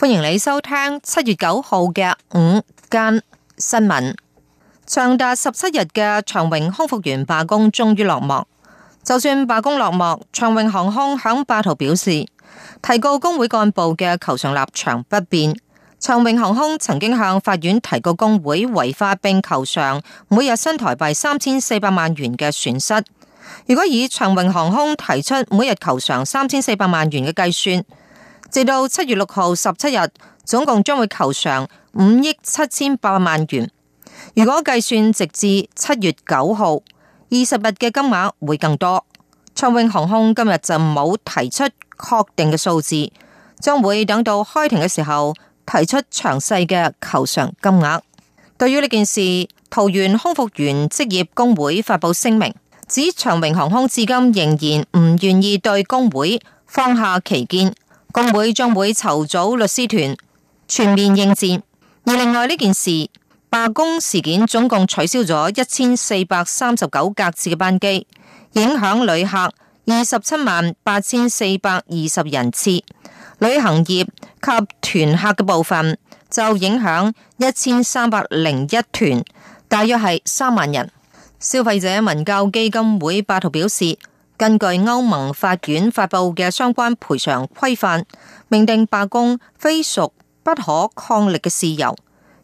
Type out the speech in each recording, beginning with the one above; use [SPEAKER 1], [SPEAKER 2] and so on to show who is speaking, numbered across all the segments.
[SPEAKER 1] 歡迎你收聽七月九號嘅午間新聞。長達十七日嘅長榮空服員罷工終於落幕。就算罷工落幕，長榮航空響八號表示，提告工會幹部嘅求償立場不變。長榮航空曾經向法院提告工會違法，並求償每日新台幣三千四百萬元嘅損失。如果以長榮航空提出每日求償三千四百萬元嘅計算，直到七月六號十七日，總共將會求償五億七千八百萬元。如果計算直至七月九號二十日嘅金額會更多。長榮航空今日就冇提出確定嘅數字，將會等到開庭嘅時候提出詳細嘅求償金額。對於呢件事，桃園空服員職業工會發佈聲明，指長榮航空至今仍然唔願意對工會放下歧見。工會將會籌組律師團，全面應戰。而另外呢件事，罷工事件總共取消咗一千四百三十九架次嘅班機，影響旅客二十七萬八千四百二十人次。旅行業及團客嘅部分，就影響一千三百零一團，大約係三萬人。消費者文教基金會八圖表示，根據歐盟法院發布嘅相關賠償規範，明定罷工非屬不可抗力嘅事由。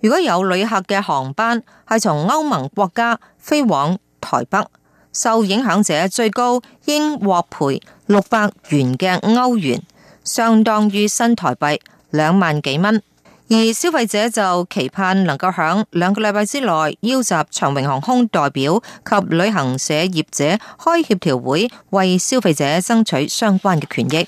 [SPEAKER 1] 如果有旅客嘅航班係從歐盟國家飛往台北，受影響者最高應獲賠六百元嘅歐元，相當於新台幣兩萬幾蚊。而消費者就期盼能夠響兩個禮拜之內邀集長榮航空代表及旅行社業者開協調會，為消費者爭取相關嘅權益。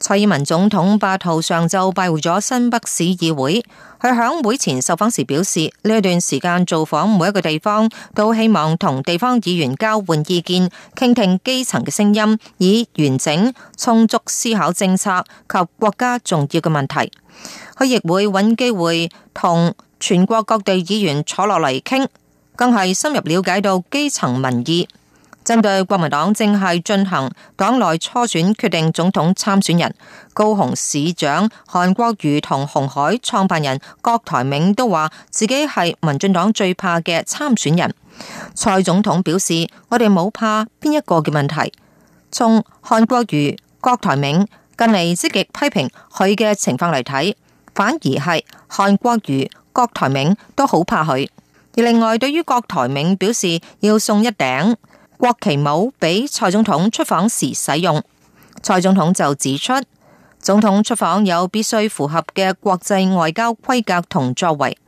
[SPEAKER 1] 蔡英文總統八號上晝拜會咗新北市議會，佢響會前受訪時表示，呢一段時間造訪每一個地方，都希望同地方議員交換意見，傾聽基層嘅聲音，以完整、充足思考政策及國家重要嘅問題。佢亦會揾機會同全國各地議員坐落嚟傾，更係深入了解到基層民意。針對國民黨正係進行黨內初選，決定總統參選人，高雄市長韓國瑜同鴻海創辦人郭台銘都話自己係民進黨最怕嘅參選人。蔡總統表示：我哋冇怕邊一個嘅問題。從韓國瑜、郭台銘近嚟積極批評佢嘅情況嚟睇。反而係韓國瑜、郭台銘都好怕佢。而另外對於郭台銘表示要送一頂國旗帽俾蔡總統出訪時使用，蔡總統就指出，總統出訪有必須符合嘅國際外交規格同作為。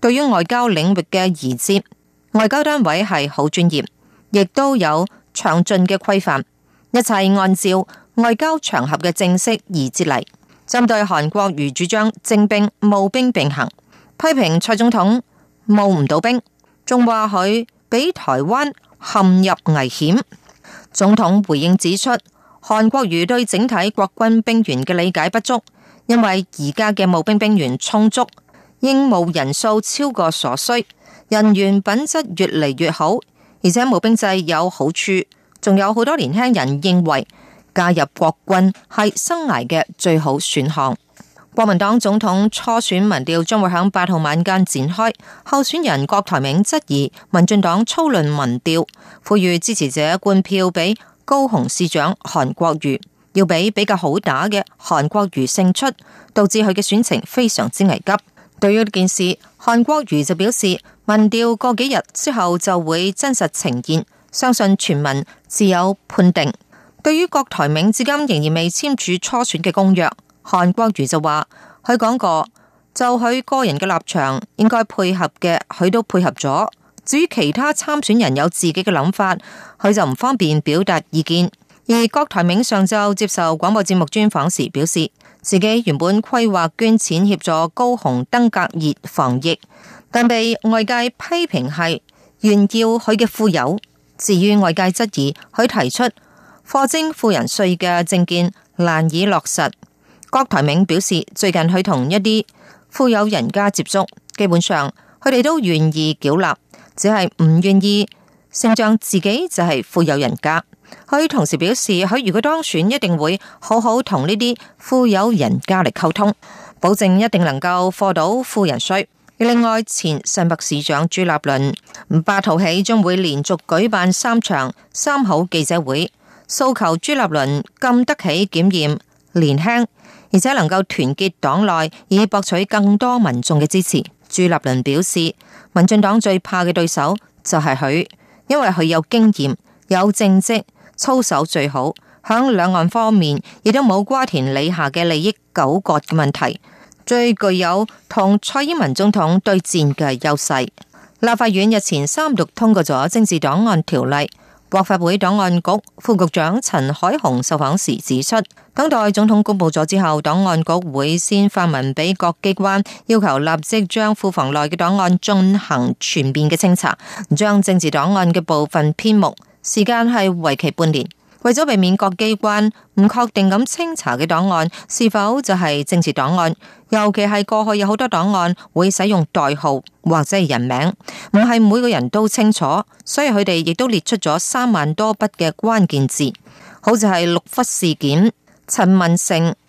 [SPEAKER 1] 對於外交領域嘅儀節，外交單位係好專業，亦都有詳盡嘅規範，一切按照外交場合嘅正式儀節嚟。針對韓國瑜主張徵兵、募兵並行，批評蔡總統募唔到兵，仲話佢俾台灣陷入危險。總統回應指出，韓國瑜對整體國軍兵員嘅理解不足，因為而家嘅募兵兵員充足，應募人數超過所需，人員品質越嚟越好，而且募兵制有好處。仲有好多年輕人認為。加入國軍係生涯嘅最好選項。國民黨總統初選民調將會喺八號晚間展開。候選人郭台銘質疑民進黨操弄民調，呼籲支持者灌票俾高雄市長韓國瑜，要俾比較好打嘅韓國瑜勝出，導致佢嘅選情非常之危急。對於呢件事，韓國瑜就表示，民調過幾日之後就會真實呈現，相信全民自有判定。對於郭台銘至今仍然未簽署初選嘅公約，韓國瑜就話：佢講過就佢個人嘅立場應該配合嘅，佢都配合咗。至於其他參選人有自己嘅諗法，佢就唔方便表達意見。而郭台銘上晝接受廣播節目專訪時表示，自己原本規劃捐錢協助高雄登革熱防疫，但被外界批評係炫耀佢嘅富有。至於外界質疑，佢提出課徵富人稅嘅政見難以落實，郭台銘表示，最近佢同一啲富有人家接觸，基本上佢哋都願意繳納，只係唔願意聲張自己就係富有人家。佢同時表示，佢如果當選，一定會好好同呢啲富有人家嚟溝通，保證一定能夠課到富人稅。另外，前新北市長朱立倫八號起將會連續舉辦三場三好記者會。訴求朱立倫，禁得起檢驗，年輕而且能夠團結黨內，以博取更多民眾嘅支持。朱立倫表示，民進黨最怕嘅對手就係佢，因為佢有經驗、有政績、操守最好，響兩岸方面亦都冇瓜田李下嘅利益糾葛嘅問題，最具有同蔡英文總統對戰嘅優勢。立法院日前三讀通過咗政治檔案條例。國發會檔案局副局長陳海雄受訪時指出，等待總統公布咗之後，檔案局會先發文俾各機關，要求立即將庫房內嘅檔案進行全面嘅清查，將政治檔案嘅部分編目，時間係為期半年。為咗避免各機關唔確定咁清查嘅檔案是否就係政治檔案，尤其係過去有好多檔案會使用代號或者係人名，唔係每個人都清楚，所以佢哋亦都列出咗三萬多筆嘅關鍵字，好似係鹿窟事件、陳文成。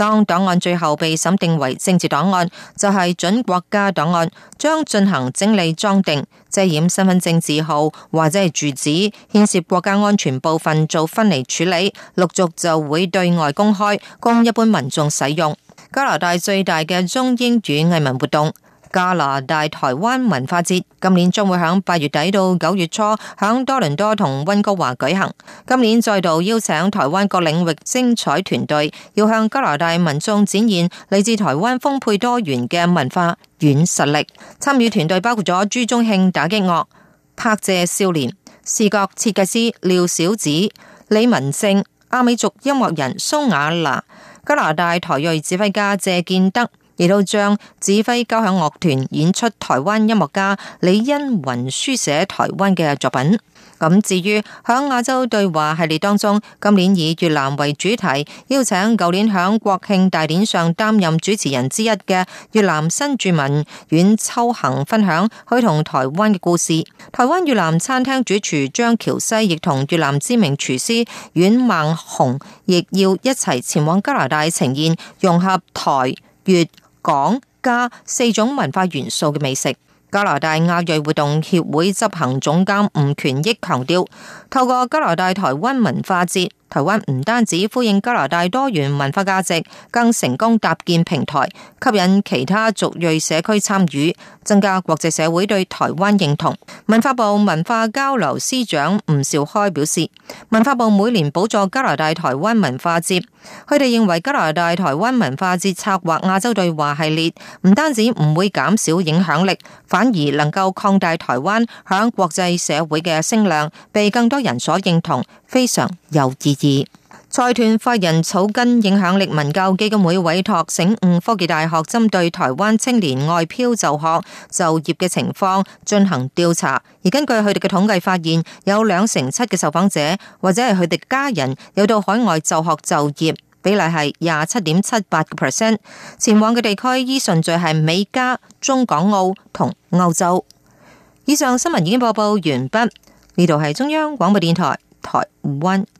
[SPEAKER 1] 當檔案最後被審定為政治檔案，就係、是、準國家檔案，將進行整理裝訂，遮掩身份證字號或者係住址，牽涉國家安全部分做分離處理，陸續就會對外公開，供一般民眾使用。加拿大最大嘅中英語藝文活動。加拿大台灣文化節今年將會喺八月底到九月初響多倫多同温哥華舉行。今年再度邀請台灣各領域精彩團隊，要向加拿大民眾展現嚟自台灣豐沛多元嘅文化軟實力。參與團隊包括咗朱宗慶打擊樂、拍謝少年、視覺設計師廖小子、李文正、阿美族音樂人蘇雅娜、加拿大台裔指揮家謝建德。亦都將指揮交響樂團演出台灣音樂家李欣雲書寫台灣嘅作品。咁至於響亞洲對話系列當中，今年以越南為主題，邀請舊年響國慶大典上擔任主持人之一嘅越南新住民阮秋姮分享佢同台灣嘅故事。台灣越南餐廳主廚張喬西亦同越南知名廚師阮孟雄，亦要一齊前往加拿大呈現融合台越港加四種文化元素嘅美食，加拿大亞裔活動協會執行總監吳權益強調，透過加拿大台灣文化節。台灣唔單止呼應加拿大多元文化價值，更成功搭建平台，吸引其他族裔社區參與，增加國際社會對台灣認同。文化部文化交流司長吳兆開表示：文化部每年補助加拿大台灣文化節，佢哋認為加拿大台灣文化節策劃亞洲對話系列，唔單止唔會減少影響力，反而能夠擴大台灣響國際社會嘅聲量，被更多人所認同，非常有意。二財團法人草根影響力文教基金會委託醒吾科技大學，針對台灣青年外漂就學就業嘅情況進行調查。而根據佢哋嘅統計發現，有兩成七嘅受訪者或者係佢哋家人有到海外就學就業，比例係廿七點七八個 percent。前往嘅地區依順序係美加、中港澳同歐洲。以上新聞已經播報完畢，呢度係中央廣播電台台灣。